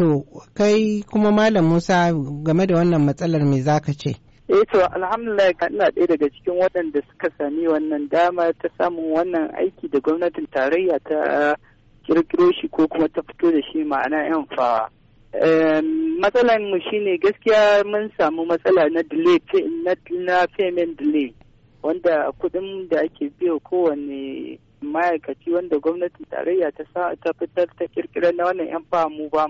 To, kai kuma Malam Musa game da wannan matsalar mai za ka ce? Eh to, alhamdulillah ina ɗaya daga cikin waɗanda suka sami wannan dama ta samun wannan aiki da gwamnatin tarayya ta kirkiro shi ko kuma ta fito da shi ma'ana yan fawa. Matsalar mu shine gaskiya mun samu matsala na delay na payment delay wanda kuɗin da ake biyo kowane ma'aikaci wanda gwamnatin tarayya ta fitar ta kirkirar na wannan yan mu ba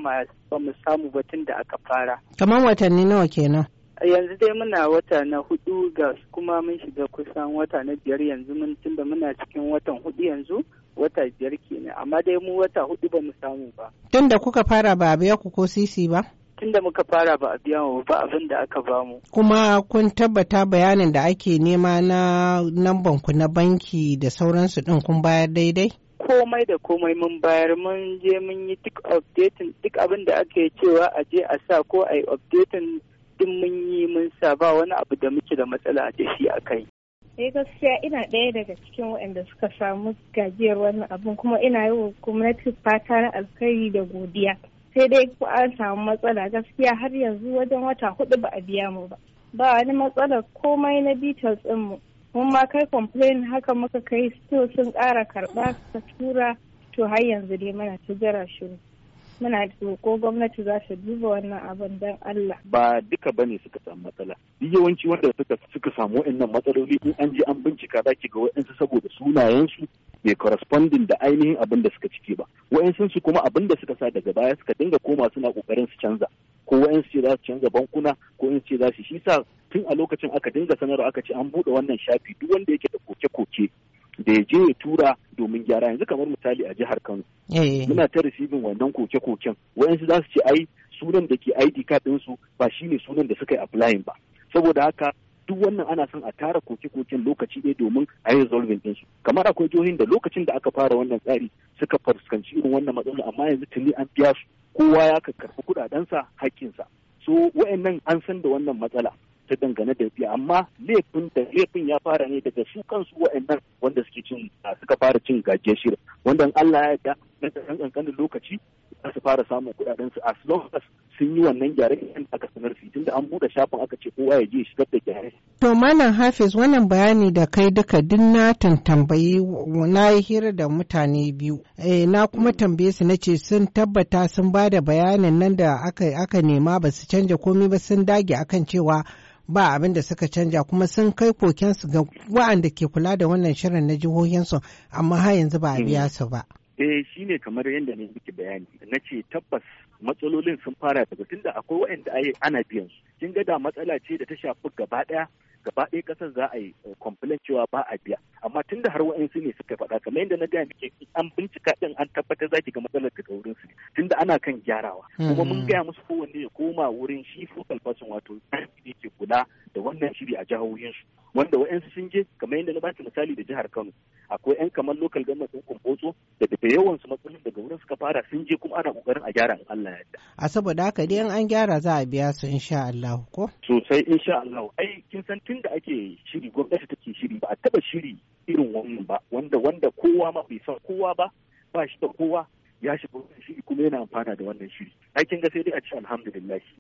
mu samu batun da aka fara. Kamar watanni nawa kenan? yanzu dai muna wata na hudu ga kuma mun shiga kusan wata na biyar yanzu mun da muna cikin watan hudu yanzu wata biyar kenan amma dai mu wata hudu ba mu samu ba. Tunda kuka fara ba a biya ku ko sisi ba? da muka fara ba a biya mu ba abin da aka ba mu. Kuma kun tabbata bayanin da ake nema na namban ku na banki da sauransu din kun bayar daidai? Komai da komai mun bayar mun je mun yi duk updating duk abin da ake cewa a je a sa ko a yi updating duk mun yi mun sa ba wani abu da muke da matsala da shi a kai. sai eh, gaskiya ina ɗaya daga cikin waɗanda suka samu gajiyar wani abin kuma ina yi wa gwamnati fata na alkhairi da godiya sai dai ku an samu matsala gaskiya har yanzu wajen wata hudu ba a biya mu ba ba wani matsalar komai na beatles din mu mun ma kai complain haka muka kai still sun ƙara karba ka tura to har yanzu dai muna ta jira shiru muna ko gwamnati za ta duba wannan abin don Allah. Ba duka bane suka samu matsala. Yawanci wanda suka suka samu wa'annan matsaloli in an je an bincika za ki ga wa'ansu saboda sunayen su. bai corresponding da ainihin abin da suka ciki ba wa'yansu su kuma abin da suka sa daga baya suka dinga koma suna kokarin su canza ko wa'yansu ce za su canza bankuna ko in ce za su shi sa tun a lokacin aka dinga sanarwa aka ce an buɗe wannan shafi duk wanda yake da koke-koke da ya je ya tura domin gyara yanzu kamar misali a jihar Kano eh. muna ta receiving wannan koke-koken wa'yansu za su ce ai sunan da ke ID card su ba shine sunan da suka yi applying ba saboda haka duk wannan ana son a tara koke-koken lokaci ɗaya domin a yi resolving ɗinsu kamar akwai jihohin da lokacin da aka fara wannan tsari suka fuskanci irin wannan matsala amma yanzu tuni an biya su kowa ya karɓi kuɗaɗensa haƙƙinsa so wa'annan an san da wannan matsala ta dangane da biya amma laifin da laifin ya fara ne daga su kansu wa'annan wanda suke cin suka fara cin gajiyar shirin wanda Allah ya yarda na kankanin lokaci za su fara samun kuɗaɗensu as long as sun yi wannan gyare da aka ciki tunda an buɗe shafin aka ce kowa ya je shigar da gyare. To Malam Hafiz wannan bayani da kai duka din na tantambayi na yi hira da mutane biyu. Eh, na kuma tambaye su na ce sun tabbata sun ba da bayanin nan da aka, aka nema ba su canja komai ba sun dage akan cewa ba abin da suka canja kuma sun kai kokensu ga wa'anda ke kula da wannan shirin na jihohinsu amma har yanzu ba a biya su ba. eh shine kamar yadda ne muke bayani na ce tabbas matsalolin sun fara daga tun da akwai waɗanda ayi ana biyan su kin ga da matsala ce da ta shafi gaba ɗaya gaba ɗaya ƙasar za a yi eh, complain cewa ba a biya amma tun da har wa'ansu ne suka faɗa kamar yadda na gaya muke an bincika ɗin an tabbatar za ki ga matsalar daga wurin su tun da ana kan gyarawa hmm. kuma mun gaya musu kowanne ya koma wurin shi focal kalfasin wato ne ke kula da wannan shiri a jihohinsu wanda wa'ansu sun je kamar yadda na baki misali da jihar Kano akwai 'yan kamar local government ɗin yawan su matsalolin daga wurin suka fara sun je kuma ana kokarin a gyara in Allah ya a saboda haka dai in an gyara za a biya su insha Allah ko sosai insha Allah ai kin san da ake shiri gwamnati take shiri ba a taba shiri irin wannan ba wanda wanda kowa ma bai san kowa ba ba shi da kowa ya shiga wannan shiri kuma yana amfana da wannan shiri ai kin ga sai dai a ce alhamdulillah